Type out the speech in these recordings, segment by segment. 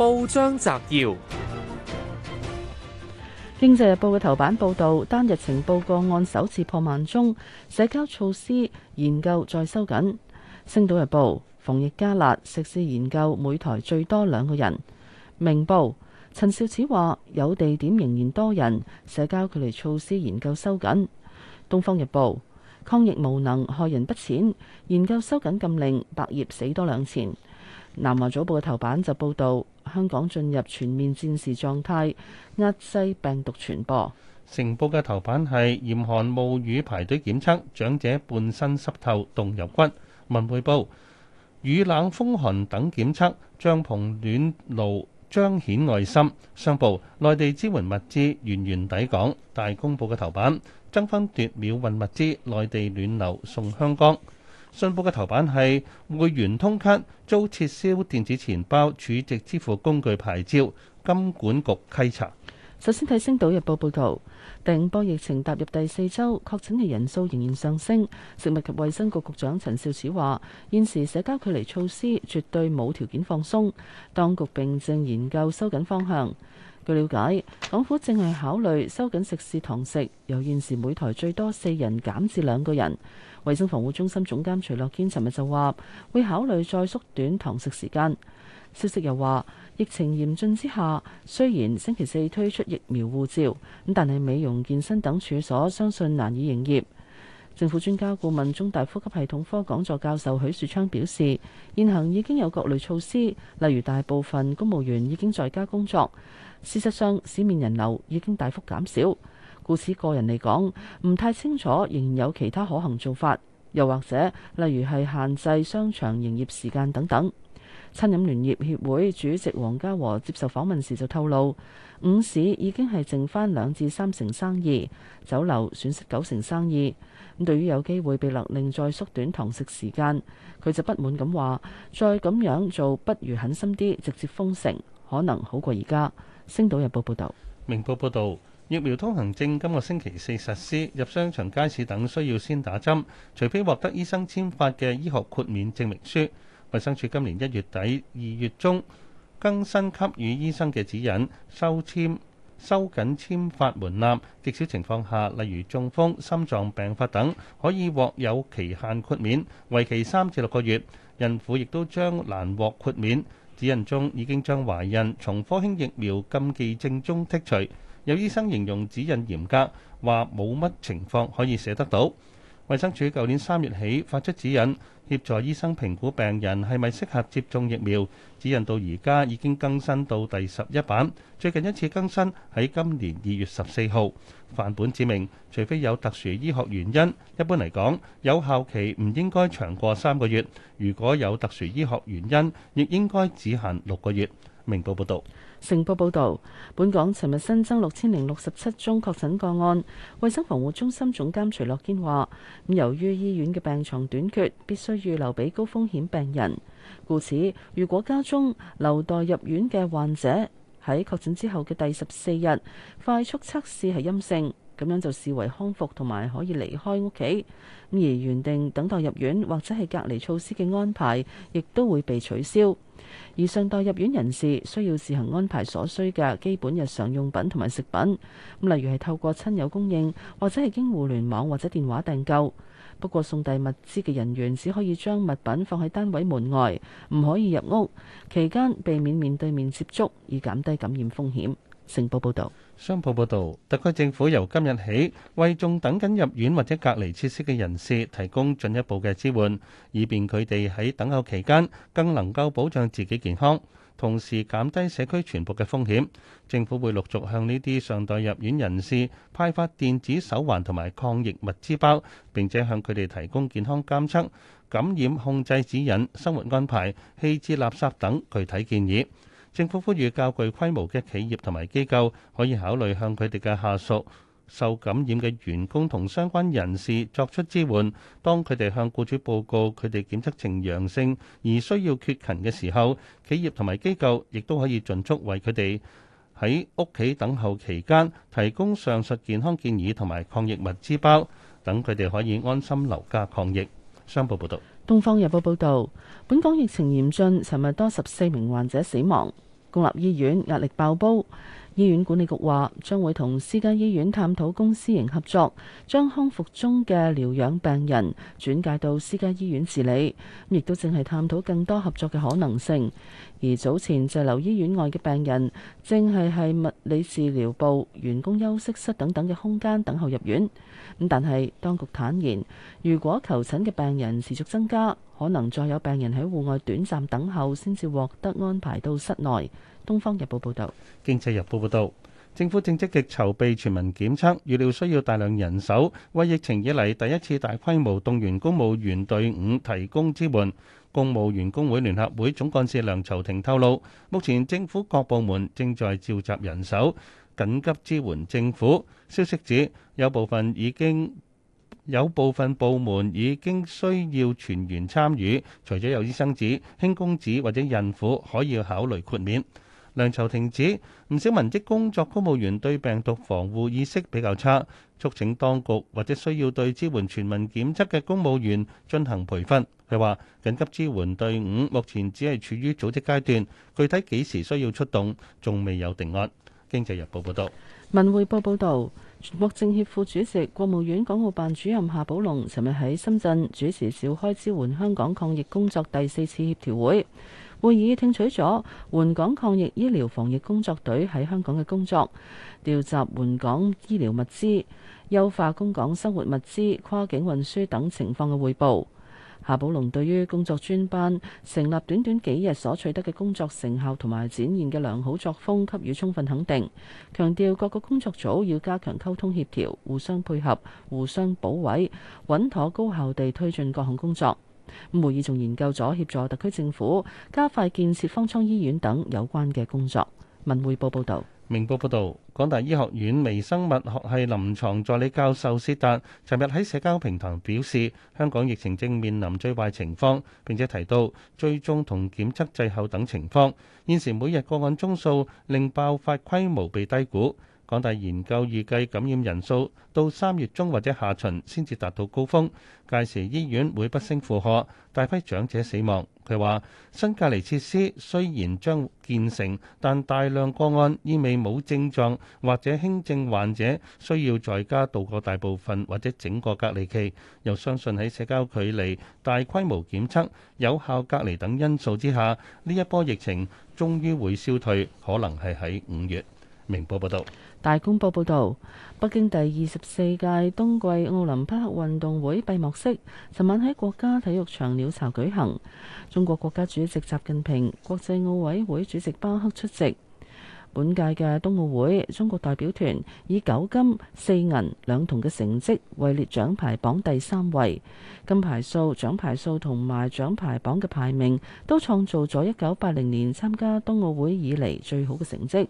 報章摘要：經濟日報嘅頭版報道，單日呈報個案首次破萬宗，社交措施研究再收緊。星島日報防疫加辣，食肆研究每台最多兩個人。明報陳肇始話，有地點仍然多人，社交距離措施研究收緊。東方日報抗疫無能害人不淺，研究收緊禁令，百業死多兩錢。南華早報嘅頭版就報道。香港進入全面戰時狀態，壓制病毒傳播。成報嘅頭版係嚴寒冒雨排隊檢測，長者半身濕透，凍入骨。文匯報雨冷風寒等檢測，帳篷暖爐彰顯愛心。商報，內地支援物資源源抵港。大公報嘅頭版爭分奪秒運物資，內地暖流送香港。信報嘅頭版係會員通卡遭撤銷電子錢包儲值支付工具牌照，金管局稽查。首先睇《星島日報》報道，第五波疫情踏入第四週，確診嘅人數仍然上升。食物及衛生局局長陳肇始話：現時社交距離措施絕對冇條件放鬆，當局並正研究收緊方向。據了解，港府正係考慮收緊食肆堂食，由現時每台最多四人減至兩個人。衛生防護中心總監徐樂堅尋日就話，會考慮再縮短堂食時間。消息又話，疫情嚴峻之下，雖然星期四推出疫苗護照，咁但係美容健身等處所相信難以營業。政府專家顧問中大呼吸系統科講座教授許樹昌表示，現行已經有各類措施，例如大部分公務員已經在家工作，事實上市面人流已經大幅減少。故此，個人嚟講唔太清楚，仍有其他可行做法，又或者例如係限制商場營業時間等等。餐飲聯業協會主席黃家和接受訪問時就透露，午市已經係剩翻兩至三成生意，酒樓損失九成生意。咁對於有機會被勒令再縮短堂食時間，佢就不滿咁話，再咁樣做不如狠心啲，直接封城，可能好過而家。星島日報報道。明報報道。疫苗通行證今個星期四實施入商場、街市等，需要先打針，除非獲得醫生簽發嘅醫學豁免證明書。衛生署今年一月底二月中更新給予醫生嘅指引，收簽收緊簽發門檻，極少情況下，例如中風、心臟病發等，可以獲有期限豁免，為期三至六個月。孕婦亦都將難獲豁免。指引中已經將懷孕從科興疫苗禁忌症中剔除。有醫生形容指引嚴格，話冇乜情況可以寫得到。衛生署舊年三月起發出指引，協助醫生評估病人係咪適合接種疫苗。指引到而家已經更新到第十一版，最近一次更新喺今年二月十四號。範本指明，除非有特殊醫學原因，一般嚟講，有效期唔應該長過三個月。如果有特殊醫學原因，亦應該只限六個月。明報報導，成報報導，本港尋日新增六千零六十七宗確診個案。衞生防護中心總監徐樂堅話：咁由於醫院嘅病床短缺，必須預留俾高風險病人。故此，如果家中留待入院嘅患者喺確診之後嘅第十四日，快速測試係陰性。咁樣就視為康復同埋可以離開屋企，咁而原定等待入院或者係隔離措施嘅安排，亦都會被取消。而上代入院人士需要自行安排所需嘅基本日常用品同埋食品，例如係透過親友供應或者係經互聯網或者電話訂購。不過送遞物資嘅人員只可以將物品放喺單位門外，唔可以入屋。期間避免面對面接觸，以減低感染風險。成報報道，商報報道，特區政府由今日起為仲等緊入院或者隔離設施嘅人士提供進一步嘅支援，以便佢哋喺等候期間更能夠保障自己健康，同時減低社區傳播嘅風險。政府會陸續向呢啲尚待入院人士派發電子手環同埋抗疫物資包，並且向佢哋提供健康監測、感染控制指引、生活安排、棄置垃圾等具體建議。政府呼籲較具規模嘅企業同埋機構可以考慮向佢哋嘅下屬、受感染嘅員工同相關人士作出支援。當佢哋向僱主報告佢哋檢測呈陽性而需要缺勤嘅時候，企業同埋機構亦都可以盡速為佢哋喺屋企等候期間提供上述健康建議同埋抗疫物資包，等佢哋可以安心留家抗疫。商報報道。《東方日報》報道，本港疫情嚴峻，尋日多十四名患者死亡。公立醫院壓力爆煲，醫院管理局話將會同私家醫院探討公私營合作，將康復中嘅療養病人轉介到私家醫院治理，亦都正係探討更多合作嘅可能性。而早前滯留醫院外嘅病人，正係喺物理治療部、員工休息室等等嘅空間等候入院。咁但係當局坦言，如果求診嘅病人持續增加，可能再有病人喺戶外短暫等候，先至獲得安排到室內。《東方日報》報導，《經濟日報》報導，政府正積極籌備全民檢測，預料需要大量人手，為疫情以嚟第一次大規模動員公務員隊伍提供支援。公務員工會聯合會總幹事梁籌庭透露，目前政府各部門正在召集人手，緊急支援政府。消息指，有部分已經有部分部門已經需要全員參與，除咗有醫生紙、輕公子或者孕婦可以考慮豁免。梁籌庭指，唔少文職工作公務員對病毒防護意識比較差，促請當局或者需要對支援全民檢測嘅公務員進行培訓。佢話：緊急支援隊伍目前只係處於組織階段，具體幾時需要出動，仲未有定案。經濟日報報道。文匯報報導。全國政協副主席、國務院港澳辦主任夏寶龍尋日喺深圳主持召開支援香港抗疫工作第四次協調會，會議聽取咗援港抗疫醫療防疫工作隊喺香港嘅工作、調集援港醫療物資、優化供港生活物資、跨境運輸等情況嘅匯報。夏寶龍對於工作專班成立短短幾日所取得嘅工作成效同埋展現嘅良好作風給予充分肯定，強調各個工作組要加強溝通協調，互相配合，互相補位，穩妥高效地推進各項工作。咁會議仲研究咗協助特區政府加快建設方艙醫院等有關嘅工作。文匯報報道。明報報導，港大醫學院微生物學系臨床助理教授薛達，尋日喺社交平台表示，香港疫情正面臨最壞情況，並且提到追蹤同檢測滯後等情況。現時每日個案宗數令爆發規模被低估。港大研究預計感染人數到三月中或者下旬先至達到高峰，屆時醫院會不勝負荷，大批長者死亡。佢話新隔離設施雖然將建成，但大量個案意味冇症狀或者輕症患者需要在家度過大部分或者整個隔離期。又相信喺社交距離、大規模檢測、有效隔離等因素之下，呢一波疫情終於會消退，可能係喺五月。明報報導，大公報報導，北京第二十四屆冬季奧林匹克運動會閉幕式，尋晚喺國家體育場鳥巢舉行。中國國家主席習近平、國際奧委會主席巴赫出席。本屆嘅冬奧會，中國代表團以九金四銀兩銅嘅成績，位列獎牌榜第三位。金牌數、獎牌數同埋獎牌榜嘅排名，都創造咗一九八零年參加冬奧會以嚟最好嘅成績。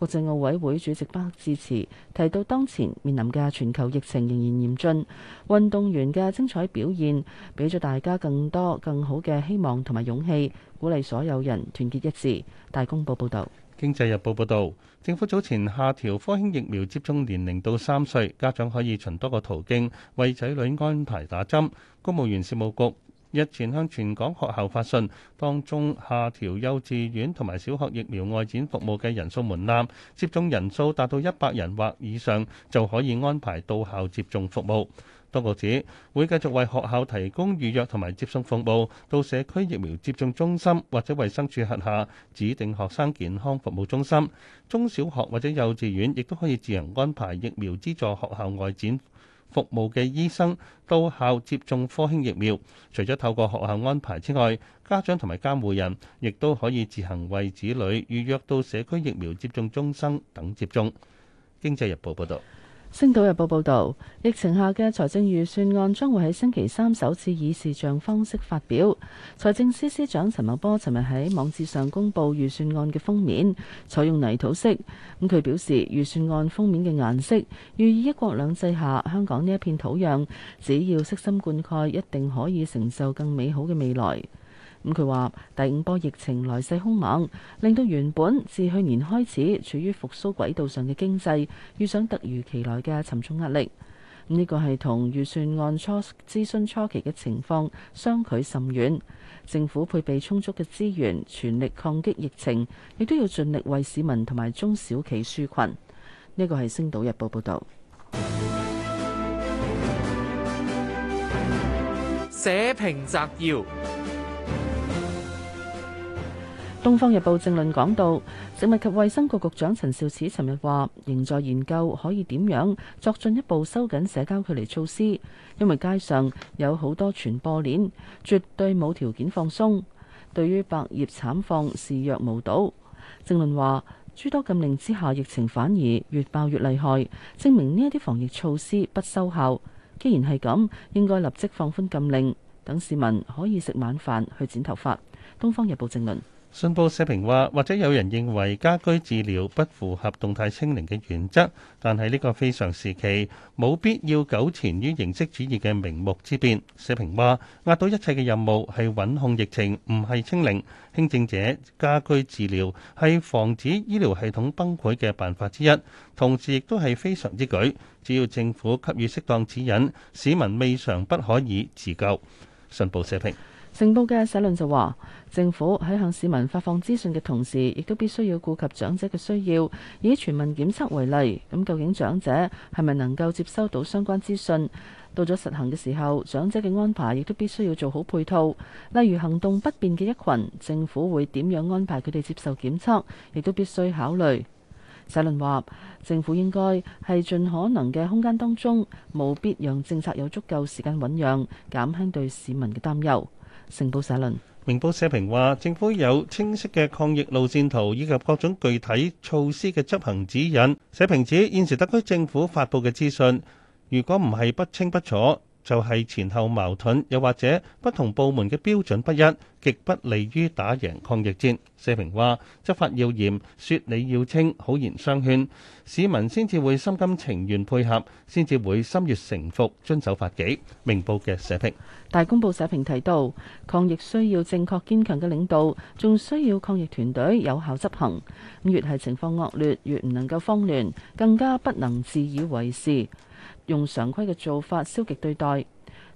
國際奧委會主席巴赫致辭，提到當前面臨嘅全球疫情仍然嚴峻，運動員嘅精彩表現俾咗大家更多更好嘅希望同埋勇氣，鼓勵所有人團結一致。大公報報道，《經濟日報》報道，政府早前下調科興疫苗接種年齡到三歲，家長可以循多個途徑為仔女安排打針。公務員事務局。日前向全港學校發信，當中下調幼稚園同埋小學疫苗外展服務嘅人數門檻，接種人數達到一百人或以上就可以安排到校接種服務。當局指會繼續為學校提供預約同埋接送服務，到社區疫苗接種中心或者衛生署轄下指定學生健康服務中心、中小學或者幼稚園，亦都可以自行安排疫苗資助學校外展服務嘅醫生到校接種科興疫苗，除咗透過學校安排之外，家長同埋監護人亦都可以自行為子女預約到社區疫苗接種中心等接種。經濟日報報導。星島日報報道，疫情下嘅財政預算案將會喺星期三首次以視像方式發表。財政司司長陳茂波尋日喺網誌上公布預算案嘅封面，採用泥土色。咁佢表示，預算案封面嘅顏色寓意一國兩制下香港呢一片土壤，只要悉心灌溉，一定可以承受更美好嘅未來。咁佢話第五波疫情來勢凶猛，令到原本自去年開始處於復甦軌道上嘅經濟，遇上突如其來嘅沉重壓力。呢個係同預算案初諮詢初期嘅情況相距甚遠。政府配備充足嘅資源，全力抗擊疫情，亦都要盡力為市民同埋中小企紓困。呢個係《星島日報》報道。社評摘要。《東方日報》正論講到，食物及衛生局局長陳肇始尋日話，仍在研究可以點樣作進一步收緊社交距離措施，因為街上有好多傳播鏈，絕對冇條件放鬆。對於百業慘況視若無睹，正論話諸多禁令之下，疫情反而越爆越厲害，證明呢一啲防疫措施不收效。既然係咁，應該立即放寬禁令，等市民可以食晚飯，去剪頭髮。《東方日報》正論。信報社評話，或者有人認為家居治療不符合動態清零嘅原則，但係呢個非常時期，冇必要糾纏於形式主義嘅名目之辯。社評話，壓倒一切嘅任務係穩控疫情，唔係清零。輕症者家居治療係防止醫療系統崩潰嘅辦法之一，同時亦都係非常之舉，只要政府給予適當指引，市民未嘗不可以自救。信報社評。成報嘅社論就話，政府喺向市民發放資訊嘅同時，亦都必須要顧及長者嘅需要。以全民檢測為例，咁究竟長者係咪能夠接收到相關資訊？到咗實行嘅時候，長者嘅安排亦都必須要做好配套。例如行動不便嘅一群，政府會點樣安排佢哋接受檢測，亦都必須考慮。社論話，政府應該喺盡可能嘅空間當中，務必讓政策有足夠時間醞釀，減輕對市民嘅擔憂。《明報》社論，《明報》社評話：政府有清晰嘅抗疫路線圖以及各種具體措施嘅執行指引。社評指現時特區政府發布嘅資訊，如果唔係不清不楚，就係前後矛盾，又或者不同部門嘅標準不一，極不利於打贏抗疫戰。社評話：執法要嚴，説理要清，好言相勸，市民先至會心甘情願配合，先至會心悦誠服遵守法紀。明報嘅社評。大公報社評提到，抗疫需要正確堅強嘅領導，仲需要抗疫團隊有效執行。越係情況惡劣，越唔能夠慌亂，更加不能自以為是。用常規嘅做法消極對待，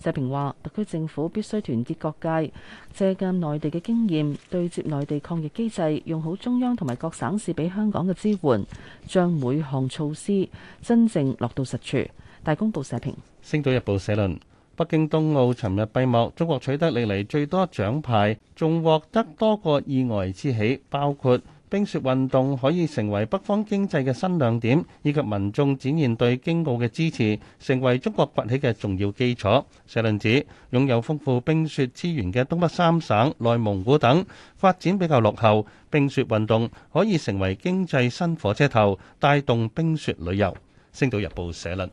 社評話特區政府必須團結各界，借鑑內地嘅經驗，對接內地抗疫機制，用好中央同埋各省市俾香港嘅支援，將每項措施真正落到實處。大公報社評、星島日報社論：北京冬奧尋日閉幕，中國取得歷嚟最多獎牌，仲獲得多個意外之喜，包括。冰雪運動可以成為北方經濟嘅新亮點，以及民眾展現對京奧嘅支持，成為中國崛起嘅重要基礎。社論指擁有豐富冰雪資源嘅東北三省、內蒙古等發展比較落後，冰雪運動可以成為經濟新火車頭，帶動冰雪旅遊。星島日報社論。